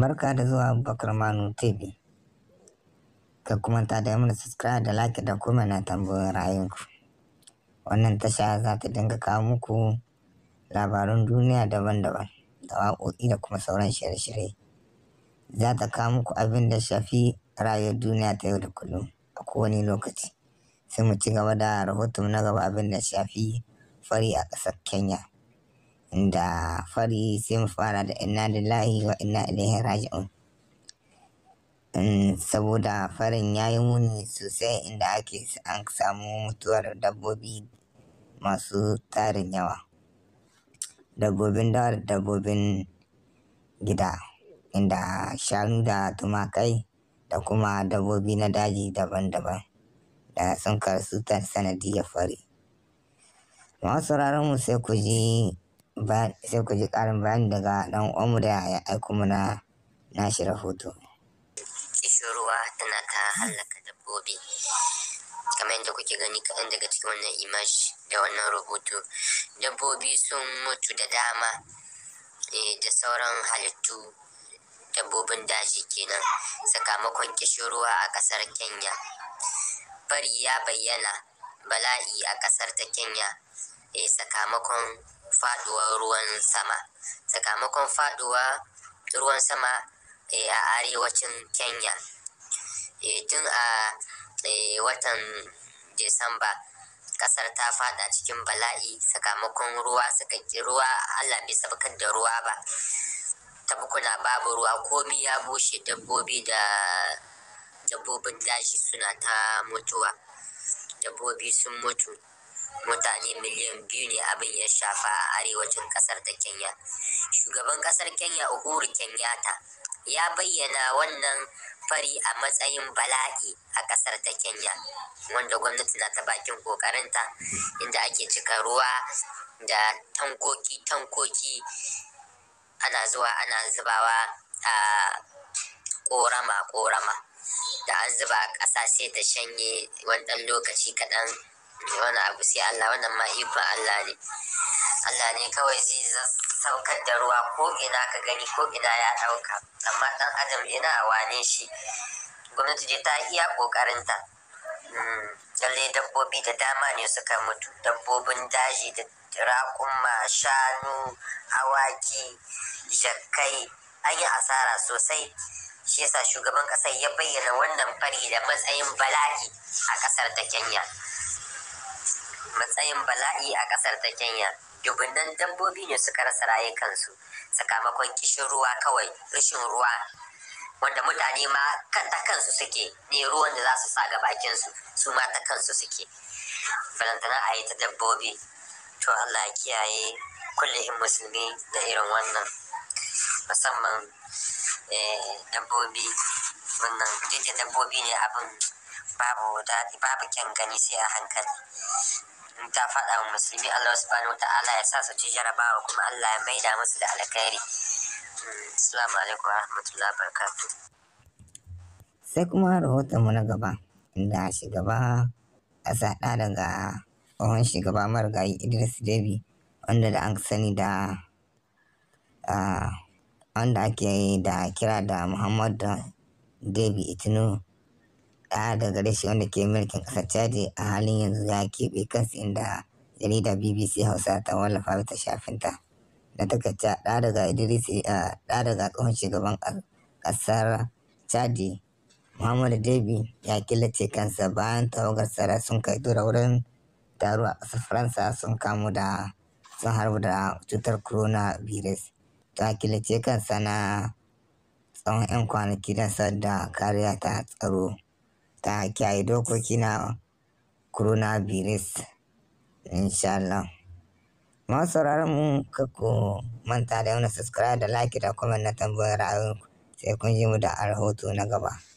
Barka da zuwa bakar Manu TV. Ka kuma ta da mana subscribe da like da kuma na tambayoyin ra'ayinku. Wannan tasha za ta dinga kawo muku labarun duniya daban-daban da waƙoƙi da kuma sauran shirye-shirye. Za ta kawo muku abin da shafi rayuwar duniya ta yau da kullum a kowane lokaci. Sai mu ci gaba da rahoton na gaba abin da shafi fari a ƙasar Kenya. da fari sai mu fara da inna lillahi wa inna ilaihi raji'un saboda farin ya yi muni sosai inda ake an samu mutuwar dabbobi masu tarin yawa dabbobin da dabbobin gida inda shanu da tumakai da kuma dabbobi na daji daban-daban da sun karsu ta sanadiyar fari masu mu sai ku ji sai ku ji ƙarin bayani daga ɗan uwanmu da ya aiko mana na nashi rahoto. kishiruwa ruwa tana ta hallaka dabbobi. kamar yadda kuke gani kaɗan daga cikin wannan image da wannan rubutu dabbobi sun mutu da dama eh, da sauran halittu dabbobin daji kenan sakamakon kishin a ƙasar kenya fari ya bayyana bala'i a ƙasar ta kenya eh sakamakon faduwar ruwan sama sakamakon faduwa ruwan sama eh, a arewacin kenya eh, tun a eh, watan disamba kasar ta fada cikin bala'i sakamakon ruwa sakakki ruwa allah bai sabakar da ruwa ba tabkuna babu ruwa komi ya bushe dabbobi da dabbobin daji suna ta mutuwa dabbobi sun mutu mutane miliyan biyu ne abin ya shafa a arewacin kasar ta kenya shugaban kasar kenya uhuru kenyatta ya bayyana wannan fari a matsayin bala'i a kasar ta kenya wanda gwamnati na ta bakin kokarinta inda ake cika ruwa da tankoki tankoki ana zuwa ana zubawa a korama korama da an zuba ƙasa sai ta shanye wani lokaci kaɗan wani abu sai Allah wannan ma ikon Allah ne Allah ne kawai zai saukar da ruwa ko ina ka gani ko ina ya dauka amma dan adam ina wane shi gwamnati ta iya kokarinta hmm, lallai dabbobi da dama ne suka mutu dabbobin daji da raƙuma shanu awaki jakkai an yi asara sosai shi yasa shugaban ƙasar ya bayyana wannan fari da matsayin bala'i a ƙasar ta kenya matsayin bala'i a ƙasar ta kenya dubunnan dabbobi ne suka rasa rayukansu sakamakon kishin ruwa kawai rashin ruwa wanda mutane ma kan ta kansu suke ne ruwan da za su sa ga bakin su ma ta kansu suke balantana a yi ta dabbobi to allah kiyaye kullum musulmi da irin wannan musamman eh, dabbobi wannan duk dabbobi ne abin babu daɗi babu kyan gani sai a hankali in ta faɗa wa musulmi Allah subhanahu wa ta'ala ya sa su ci jarabawa kuma Allah ya maida musu da alkhairi hmm, assalamu alaikum wa rahmatullahi wa barakatu. sai kuma rahoton mu na gaba inda shugaba a saɗa daga tsohon shugaba marigayi Idris Deby wanda da an sani da wanda ake da kira da Muhammadu Deby Itinu ɗaya da gare shi wanda ke mulkin ƙasar caji a halin yanzu ya keɓe kansa inda jarida bbc hausa ta wallafa ta shafinta da ta takaice ɗaya daga idris eh, ɗaya daga tsohon shugaban ƙasar caji muhammadu debi ya killace kansa bayan tawagar tsara sun kai tura wurin taro a ƙasar faransa sun kamu da sun harbu da cutar virus ta killace kansa na tsawon 'yan kwanaki don da kariya ta tsaro ta yi dokoki na coronavirus virus Allah masu sauraron mu kakko manta da yau na subscribe da like da comment na tambayar ra'ayoyinku sai kun ji mu da rahoto na gaba